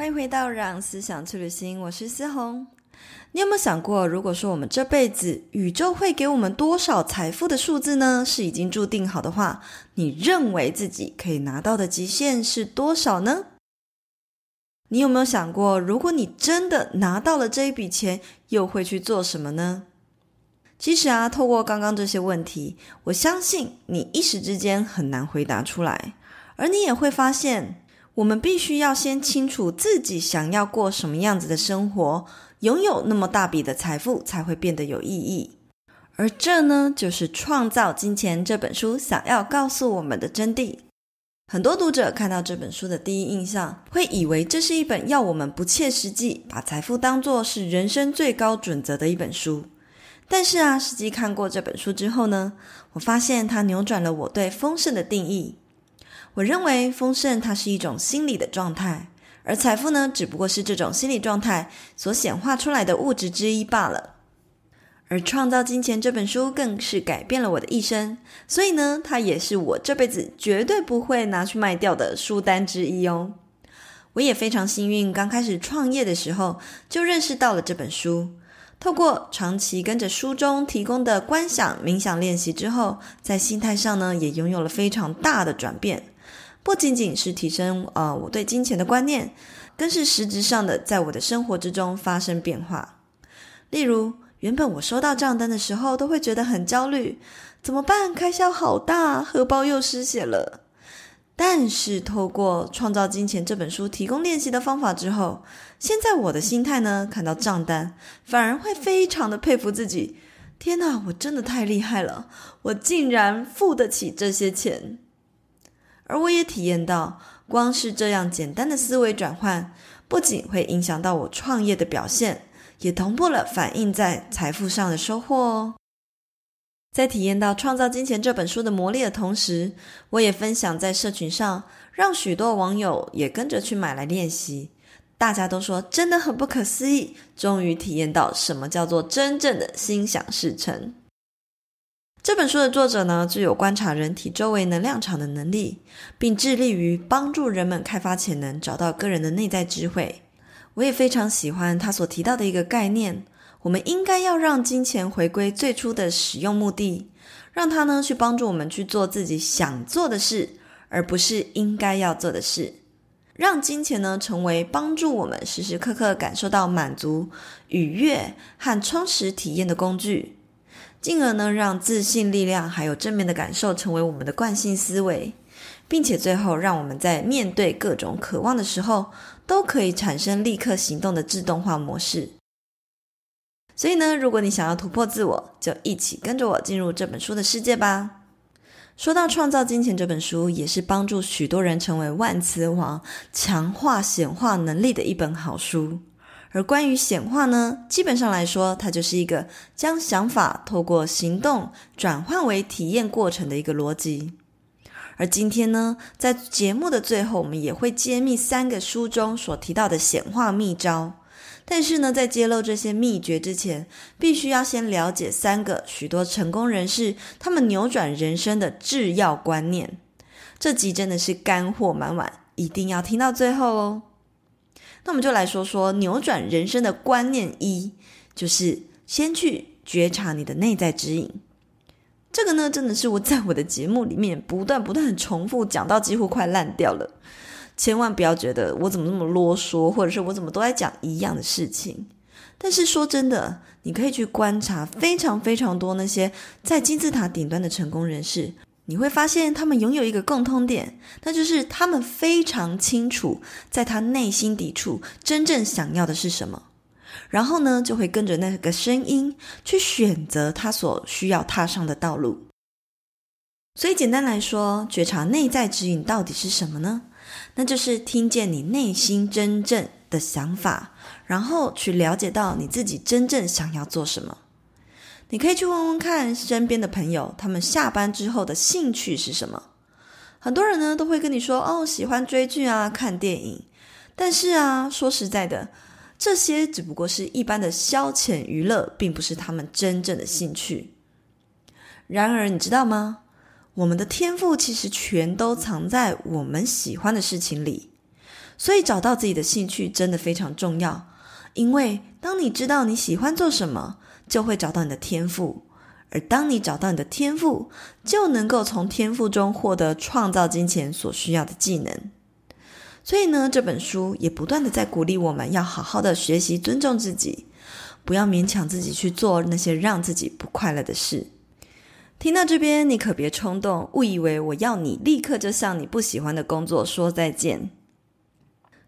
歡迎回到《讓思想去旅行》，我是思紅。你有沒有想過，如果說我們這輩子宇宙會給我們多少財富的數字呢？是已經注定好的話，你認為自己可以拿到的極限是多少呢？你有沒有想過，如果你真的拿到了這一筆錢，又會去做什麼呢？其實啊，透過剛剛這些問題，我相信你一時之間很難回答出來，而你也會發現。我們必須要先清楚自己想要過什麼樣子的生活，擁有那麼大筆的財富才會變得有意義。而這呢，就是《創造金錢》這本書想要告訴我們的真諦。很多讀者看到這本書的第一印象，會以為這是一本要我們不切實際，把財富當作是人生最高準則的一本書。但是啊，實際看過這本書之後呢，我發現它扭轉了我對豐盛的定義。我認為豐盛它是一種心理的狀態，而財富呢，只不過是這種心理狀態所顯化出來的物質之一罷了。而《創造金錢》這本書更是改變了我的一生，所以呢，它也是我這輩子絕對不會拿去賣掉的書單之一哦。我也非常幸運，剛開始創業的時候就認識到了這本書。透過長期跟着書中提供的觀想、冥想練習之後，在心態上呢，也擁有了非常大的轉變。不僅僅是提升，呃，我對金錢的觀念，更是實質上的在我的生活之中發生變化。例如，原本我收到賬單的時候都會覺得很焦慮，怎麼辦？開銷好大，荷包又失血了。但是透過《創造金錢》這本書提供練習的方法之後，現在我的心態呢，看到賬單反而會非常的佩服自己。天哪，我真的太厲害了，我竟然付得起這些錢。而我也體驗到，光是這樣簡單的思維轉換，不僅會影響到我創業的表現，也同步了反映在財富上的收穫哦。在體驗到《創造金錢》這本書的魔力的同時，我也分享在社群上，讓許多網友也跟着去買來練習。大家都說真的很不可思議，終於體驗到什麼叫做真正的心想事成。這本書的作者呢，具有觀察人體周圍能量場的能力，並致力於幫助人們開發潛能，找到個人的內在智慧。我也非常喜歡他所提到的一個概念：我們應該要讓金錢回歸最初的使用目的，讓它呢去幫助我們去做自己想做的事，而不是應該要做的事。讓金錢呢成為幫助我們時時刻刻感受到滿足、愉悅和充實體驗的工具。進而呢，讓自信力量還有正面的感受成為我們的慣性思維，並且最後讓我們在面對各種渴望的時候，都可以產生立刻行動的自動化模式。所以呢，如果你想要突破自我，就一起跟着我進入這本書的世界吧。說到《創造金錢》這本書，也是幫助許多人成為萬磁王、強化顯化能力的一本好書。而關於顯化呢，基本上來說，它就是一個將想法透過行動轉換為體驗過程的一個邏輯。而今天呢，在節目的最後，我們也會揭秘三個書中所提到的顯化秘招。但是呢，在揭露這些秘訣之前，必須要先了解三個許多成功人士他們扭轉人生的至要觀念。這集真的是乾貨滿滿，一定要聽到最後哦。那我們就來說說扭轉人生的觀念一，就是先去覺察你的內在指引。這個呢，真的是我在我的節目裡面不斷不斷地重複講到，幾乎快爛掉了。千萬不要覺得我怎麼那麼囉嗦，或者是我怎麼都在講一樣的事情。但是說真的，你可以去觀察非常非常多那些在金字塔頂端的成功人士。你會發現，他們擁有一個共通點，那就是他們非常清楚，在他內心深處真正想要的是什麼，然後呢，就會跟着那個聲音去選擇他所需要踏上的道路。所以，簡單來說，覺察內在指引到底是什麼呢？那就是聽見你內心真正的想法，然後去了解到你自己真正想要做什麼。你可以去問問看身邊的朋友，他們下班之後的興趣是什麼？很多人呢都會跟你說：“哦，喜歡追劇啊，看電影。”但是啊，說實在的，這些只不過是一般的消遣娛樂，並不是他們真正的興趣。然而，你知道嗎？我們的天賦其實全都藏在我們喜歡的事情裡，所以找到自己的興趣真的非常重要。因為當你知道你喜歡做什麼，就會找到你的天賦，而當你找到你的天賦，就能夠從天賦中獲得創造金錢所需要的技能。所以呢，這本書也不斷地在鼓勵我們要好好的學習，尊重自己，不要勉強自己去做那些讓自己不快樂的事。聽到這邊，你可別衝動，誤以為我要你立刻就向你不喜歡的工作說再見。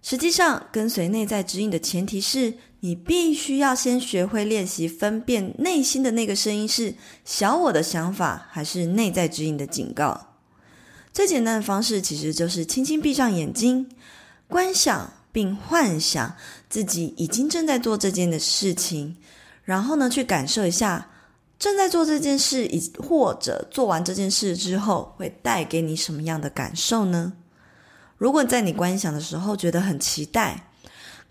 實際上，跟隨內在指引的前提是，你必須要先學會練習分辨內心的那個聲音是小我的想法，還是內在指引的警告。最簡單的方式其實就是輕輕閉上眼睛，觀想並幻想自己已經正在做這件的事情，然後呢，去感受一下正在做這件事以或者做完這件事之後會帶給你什麼樣的感受呢？如果在你觀想的時候覺得很期待，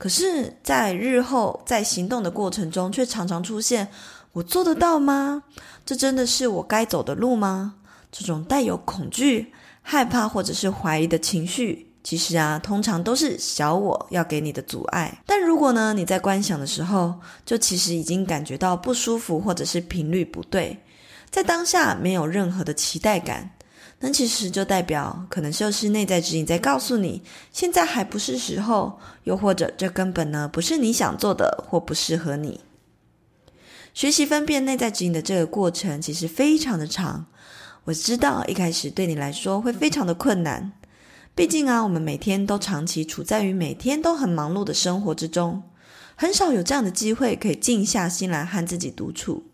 可是，在日後在行動的過程中，卻常常出現“我做得到嗎？這真的是我該走的路嗎？”這種帶有恐懼、害怕或者是懷疑的情緒，其實啊，通常都是小我要給你的阻礙。但如果呢，你在觀想的時候，就其實已經感覺到不舒服，或者是頻率不對，在當下沒有任何的期待感。那其實就代表，可能就是內在指引在告訴你，現在還不是時候，又或者這根本呢不是你想做的，或不適合你。學習分辨內在指引的這個過程其實非常的長，我知道一開始對你來說會非常的困難，畢竟啊，我們每天都長期處在於每天都很忙碌的生活之中，很少有這樣的機會可以靜下心來和自己獨處。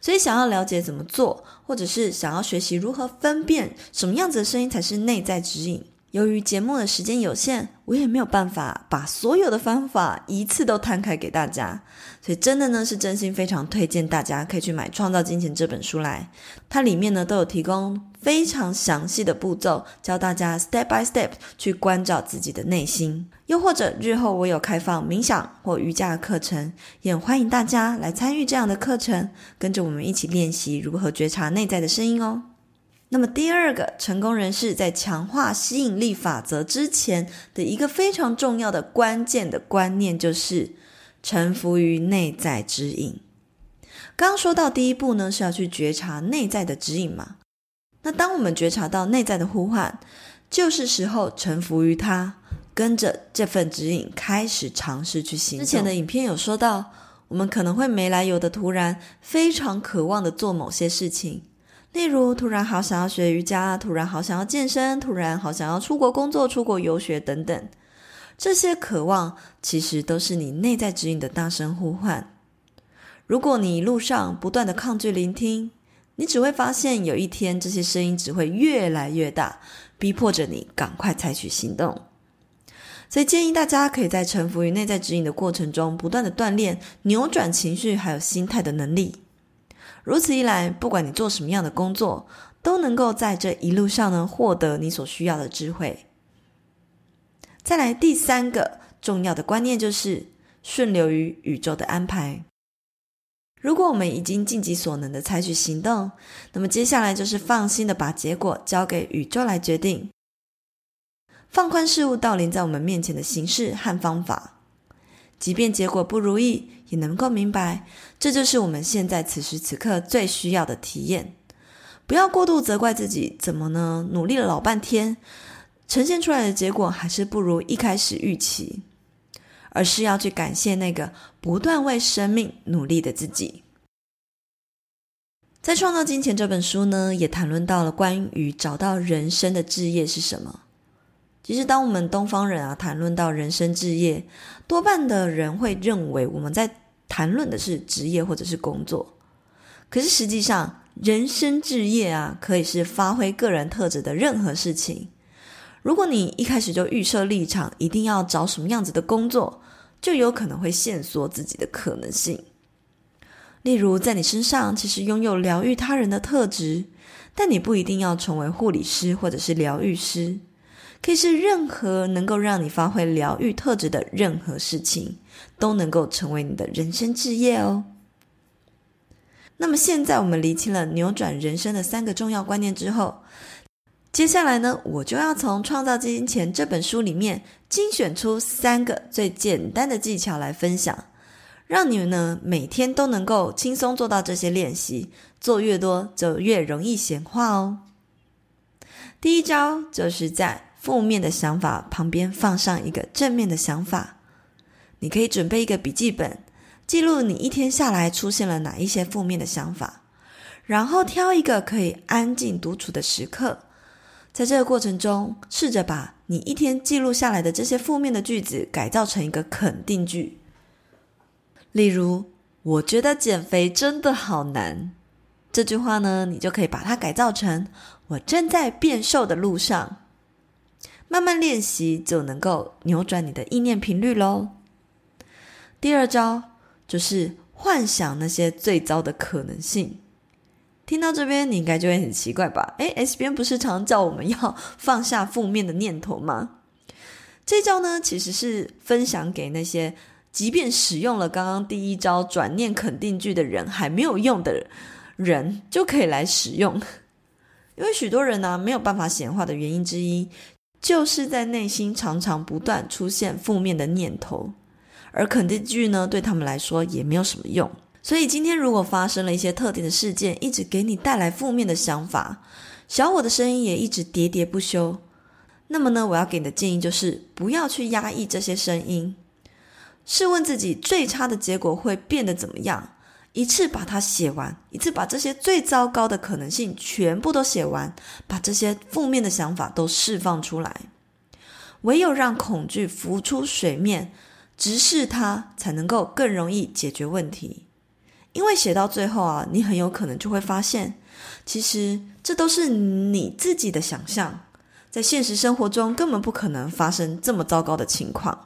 所以，想要了解怎麼做，或者是想要學習如何分辨什麼樣子的聲音才是內在指引。由於節目的時間有限，我也沒有辦法把所有的方法一次都攤開給大家，所以真的呢，是真心非常推薦大家可以去買《創造金錢》這本書來，它裡面呢，都有提供非常詳細的步驟，教大家 step by step 去關照自己的內心。又或者日後我有開放冥想或瑜伽的課程，也很歡迎大家來參與這樣的課程，跟着我們一起練習如何覺察內在的聲音哦。那麼，第二個成功人士在強化吸引力法則之前的一個非常重要的關鍵的觀念就是，臣服於內在指引。剛剛說到第一步呢，是要去覺察內在的指引嘛，那當我們覺察到內在的呼喚，就是時候臣服於它，跟着這份指引開始嘗試去行動。之前的影片有說到，我們可能會沒來由的突然非常渴望的做某些事情。例如，突然好想要學瑜伽，突然好想要健身，突然好想要出國工作，出國遊學等等，這些渴望其實都是你內在指引的大聲呼喚。如果你一路上不斷的抗拒聆聽，你只會發現有一天，這些聲音只會越來越大，逼迫着你趕快採取行動。所以，建議大家可以在臣服於內在指引的過程中，不斷的鍛鍊扭轉情緒還有心態的能力。如此一來，不管你做什麼樣的工作，都能夠在這一路上呢獲得你所需要的智慧。再來第三個重要的觀念就是順流於宇宙的安排。如果我們已經盡己所能的採取行動，那麼接下來就是放心的把結果交給宇宙來決定，放寬事物到臨在我們面前的形式和方法，即便結果不如意。也能夠明白，這就是我們現在此時此刻最需要的體驗。不要過度責怪自己，怎麼呢？努力了老半天，呈現出來的結果還是不如一開始預期，而是要去感謝那個不斷為生命努力的自己。在《創造金錢》這本書呢，也談論到了關於找到人生的志業是什麼。其實，當我們東方人啊談論到人生志業，多半的人會認為我們在談論的是職業或者是工作。可是實際上，人生志業啊可以是發揮個人特質的任何事情。如果你一開始就預設立場，一定要找什麼樣子的工作，就有可能會限縮自己的可能性。例如，在你身上其實擁有療癒他人的特質，但你不一定要成為護理師或者是療癒師。可以是任何能夠讓你發揮療癒特質的任何事情，都能夠成為你的人生事業哦。那麼現在我們釐清了扭轉人生的三個重要觀念之後，接下來呢，我就要從《創造金錢》這本書裡面精選出三個最簡單的技巧來分享，讓你們呢每天都能夠輕鬆做到這些練習，做越多就越容易顯化哦。第一招就是在負面的想法旁邊放上一個正面的想法，你可以準備一個筆記本，記錄你一天下來出現了哪一些負面的想法，然後挑一個可以安靜獨處的時刻，在這個過程中，試着把你一天記錄下來的這些負面的句子改造成一個肯定句。例如，我覺得減肥真的好難，這句話呢，你就可以把它改造成我正在變瘦的路上。慢慢練習就能夠扭轉你的意念頻率嘍。第二招就是幻想那些最糟的可能性。聽到這邊你應該就會很奇怪吧？誒 S 編不是常常叫我們要放下負面的念頭嗎？這招呢其實是分享給那些即便使用了剛剛第一招轉念肯定句的人還沒有用的人就可以來使用。因為許多人呢、啊、沒有辦法顯化的原因之一。就是在內心常常不斷出現負面的念頭，而肯定句呢對他們來說也沒有什麼用。所以今天如果發生了一些特定的事件，一直給你帶來負面的想法，小我的聲音也一直喋喋不休，那麼呢，我要給你的建議就是不要去壓抑這些聲音，試問自己最差的結果會變得怎麼樣？一次把它寫完，一次把這些最糟糕的可能性全部都寫完，把這些負面的想法都釋放出來。唯有讓恐懼浮出水面，直視它，才能夠更容易解決問題。因為寫到最後啊，你很有可能就會發現，其實這都是你自己的想象，在現實生活中根本不可能發生這麼糟糕的情況。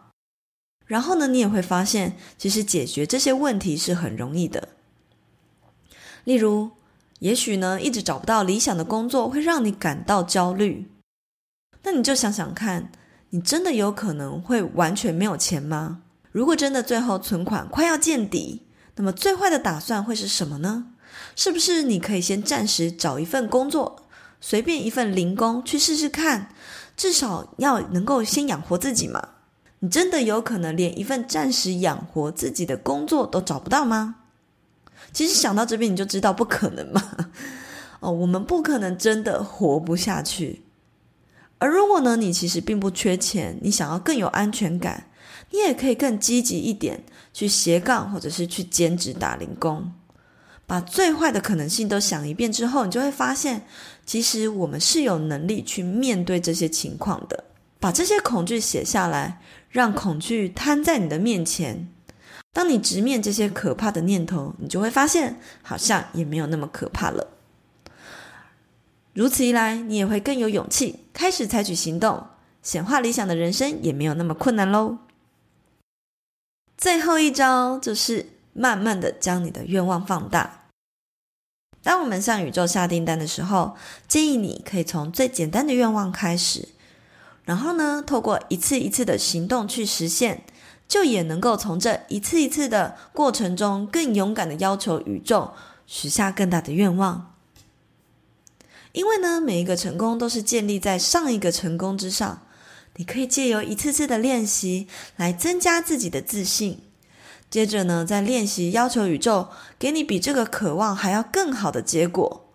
然後呢，你也會發現，其實解決這些問題是很容易的。例如，也許呢，一直找不到理想的工作會讓你感到焦慮。那你就想想看，你真的有可能會完全沒有錢嗎？如果真的最後存款快要見底，那麼最壞的打算會是什麼呢？是不是你可以先暫時找一份工作，隨便一份零工去試試看，至少要能夠先養活自己嘛？你真的有可能連一份暫時養活自己的工作都找不到嗎？其實想到這邊你就知道不可能嘛。哦，我們不可能真的活不下去。而如果呢，你其實並不缺錢，你想要更有安全感，你也可以更積極一點去斜槓或者是去兼職打零工。把最壞的可能性都想一遍之後，你就會發現，其實我們是有能力去面對這些情況的。把這些恐懼寫下來，讓恐懼攤在你的面前。當你直面這些可怕的念頭，你就會發現好像也沒有那麼可怕了。如此一來，你也會更有勇氣開始採取行動，顯化理想的人生也沒有那麼困難嘍。最後一招就是慢慢的將你的願望放大。當我們向宇宙下訂單的時候，建議你可以從最簡單的願望開始。然後呢，透過一次一次的行動去實現，就也能夠從這一次一次的過程中，更勇敢的要求宇宙許下更大的願望。因為呢，每一個成功都是建立在上一個成功之上。你可以借由一次次的練習來增加自己的自信，接着呢，再練習要求宇宙給你比這個渴望還要更好的結果。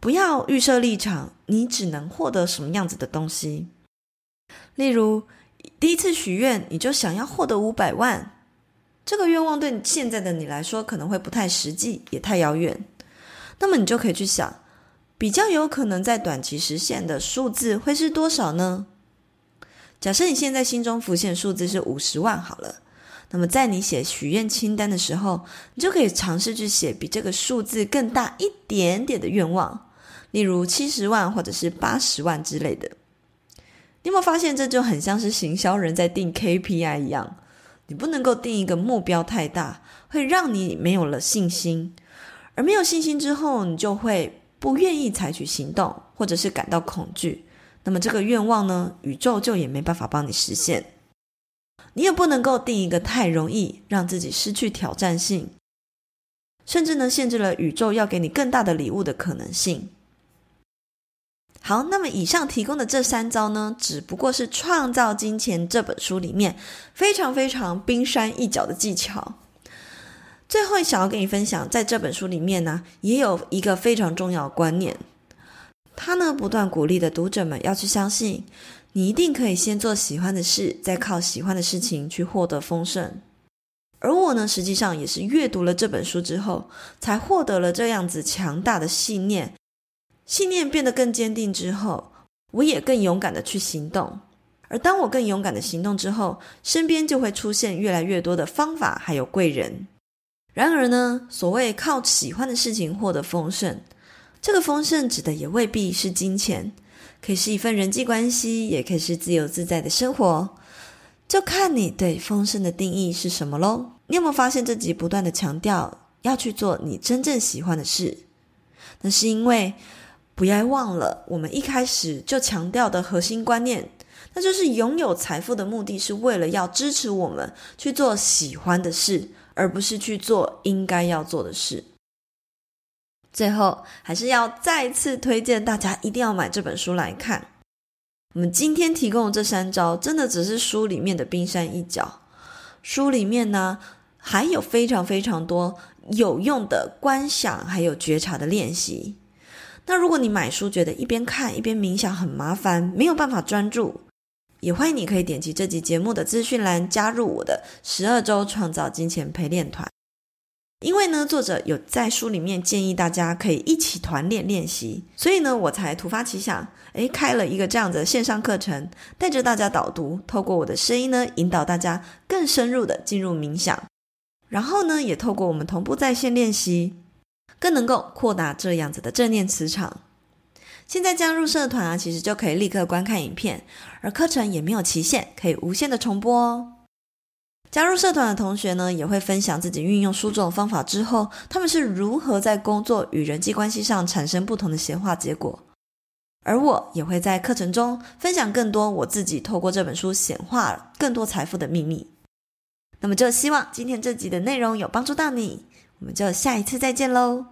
不要預設立場，你只能獲得什麼樣子的東西。例如，第一次許願你就想要獲得五百萬，這個願望對現在的你來說可能會不太實際，也太遙遠。那麼你就可以去想，比較有可能在短期實現的數字會是多少呢？假設你現在心中浮現數字是五十萬好了，那麼在你寫許願清單的時候，你就可以嘗試去寫比這個數字更大一點點的願望，例如七十萬或者是八十萬之類的。你有沒有發現，這就很像是行銷人在定 KPI 一樣？你不能夠定一個目標太大，會讓你沒有了信心，而沒有信心之後，你就會不願意採取行動，或者是感到恐懼。那麼這個願望呢，宇宙就也沒辦法幫你實現。你也不能夠定一個太容易，讓自己失去挑戰性，甚至呢，限制了宇宙要給你更大的禮物的可能性。好，那麼以上提供的這三招呢，只不過是《創造金錢》這本書裡面非常非常冰山一角的技巧。最後，想要跟你分享，在這本書裡面呢，也有一個非常重要觀念，他呢不斷鼓勵的讀者們要去相信，你一定可以先做喜歡的事，再靠喜歡的事情去獲得豐盛。而我呢，實際上也是閱讀了這本書之後，才獲得了這樣子強大的信念。信念變得更堅定之後，我也更勇敢的去行動。而當我更勇敢的行動之後，身邊就會出現越來越多的方法，還有貴人。然而呢，所謂靠喜歡的事情獲得豐盛，這個豐盛指的也未必是金錢，可以是一份人際關係，也可以是自由自在的生活，就看你對豐盛的定義是什麼嘍。你有沒有發現自己不斷的強調要去做你真正喜歡的事？那是因為。不要忘了，我們一開始就強調的核心觀念，那就是擁有財富的目的是為了要支持我們去做喜歡的事，而不是去做應該要做的事。最後，還是要再次推薦大家一定要買這本書來看。我們今天提供的這三招，真的只是書裡面的冰山一角。書裡面呢，還有非常非常多有用的觀想還有覺察的練習。那如果你買書覺得一邊看一邊冥想很麻煩，沒有辦法專注，也歡迎你可以點擊這集節目的資訊欄，加入我的十二周創造金錢陪練團。因為呢，作者有在書裡面建議大家可以一起團練練習，所以呢，我才突發奇想，誒，開了一個這樣的線上課程，帶着大家導讀，透過我的聲音呢，引導大家更深入的進入冥想，然後呢，也透過我們同步在線練習。更能夠擴大這樣子的正念磁場。現在加入社團啊，其實就可以立刻觀看影片，而課程也沒有期限，可以無限的重播哦。加入社團的同學呢，也會分享自己運用書中的方法之後，他們是如何在工作與人際關係上產生不同的顯化結果。而我也會在課程中分享更多我自己透過這本書顯化更多財富的秘密。那麼就希望今天這集的內容有幫助到你，我們就下一次再見嘍。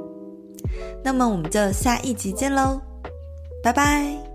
那麼我們就下一集見嘍，拜拜。